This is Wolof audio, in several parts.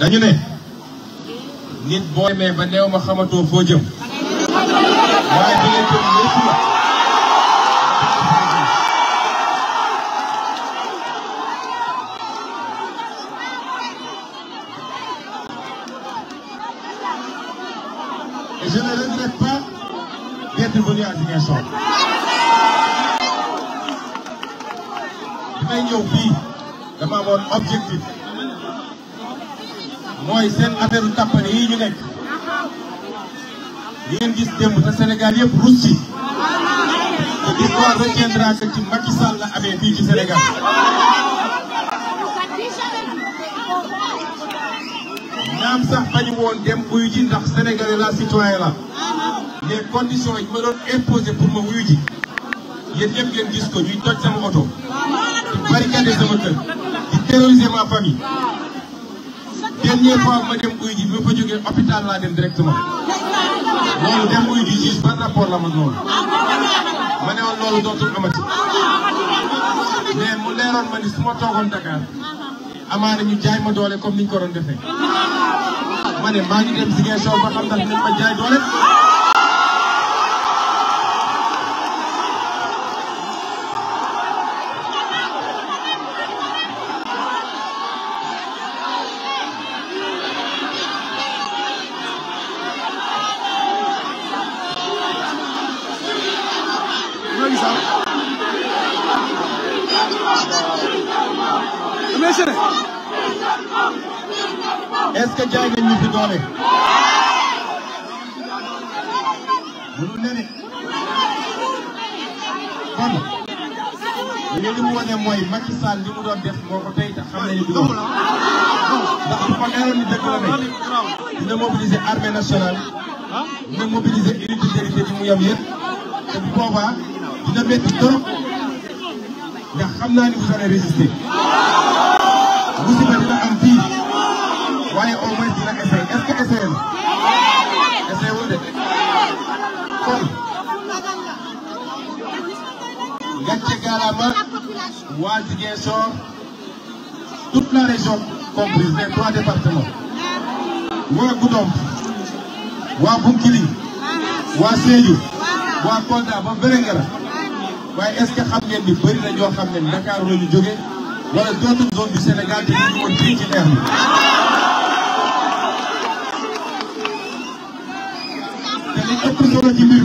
dañu ne nit boo demee ba néew ma xamatoo foo jëm waaye bi nga jëm lépp la et je ne regrette pas d'être venu à Ziguinchor bi may ñëw fii dama amoon objectif mooy seen affaire u tàppale yi ñu nekk li gis démb te Sénégal yëpp rus ci te l'histoire retiendra que ci Macky la amee fii ci Sénégal naam sax bañu woon dem wuyu ji ndax sénégalais la citoyen la les conditions yi ma doon imposé pour ma wuyu ji yéen ñëpp ngeen gis ko ñuy toj sama oto di barricade sama kër di terroriser ma famille dernière fois ma dem uy ji bi ma fa jógee hôpital laa dem directement loolu dem uy ji juge ban rapport la ma loolu ne woon loolu dootul amati mais mu leeroon ma ni su ma toogoon Dakar amaana ñu jaay ma doole comme niñ ko doon defee ma ne maa ngi dem Ziguinchor ba xam ndax dinañ ma jaay doole est-ce que jaay ngeen ñu fi doole. mënul ne de. kon li mu wane mooy Macky Sall li mu doon def moo ko tey te xam nañu du loolu. ndax bu ko neexoon ni dëkk la ne dina mobiliser armée nationale. Ah. dina mobiliser unité de sécurité bi mu yem yëpp. te bu boobaa dina métti trop. ndax xam naa ni vous allez résister. musiba dina am fii waaye au moins dina essayé na. essayé wul de kon gàcce gaalama waa Ziguinchor toute la région comprise les trois départements. waa Goudomp waa Bounkiling waa Sédhiou waa Kolda ba Vélingara. waaye est-ce que xam ngeen ni bëri na ñoo xam ne Dakar la ñu jóge wala dootul zone du Sénégal te ñu woon ci leer bi. te li ëpp solo ci mbir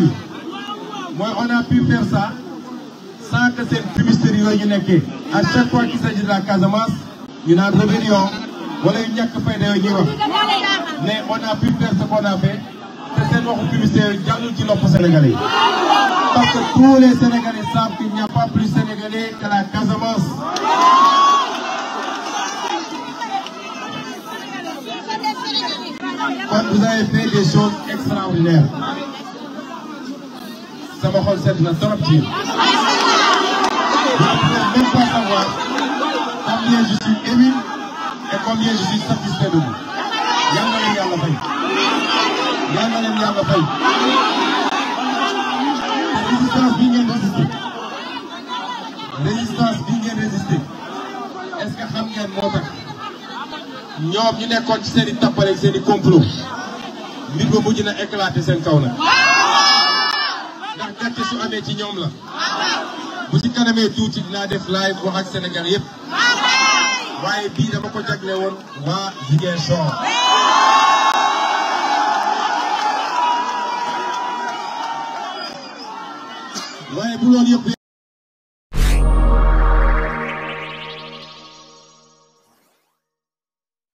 mooy on a pu faire ça Casamance ñu naan rébellion wala yu ñàkk fayda yooyu ñuy wax mais on a pu faire ce te seen waxu publicité yooyu ci lopp Sénégalais yi parce que tous les savent qu'il n'y a pas plus sénégalais que la Casamance. Kon vous avez fait des choses extraordinaires. sama xol sedd na trop ci. même pas savoir combien je suis ému et combien je suis satisfait de vous. yal na leen yàlla fay. yal na leen yàlla fay. résistance bi ngeen doon résistance bi ngeen résister est que xam ngeen moo tax ñoom ñu nekkoon ci seen i seeni ak seen i complot mbir ba mujj na éclater seen kaw la ndax gàcce su amee ci ñoom la bu ci kanamee tuuti dinaa def live wax ak Sénégal yëpp waaye bii dama ko jagle woon waa Ziguinchor waaye bu loolu yëpp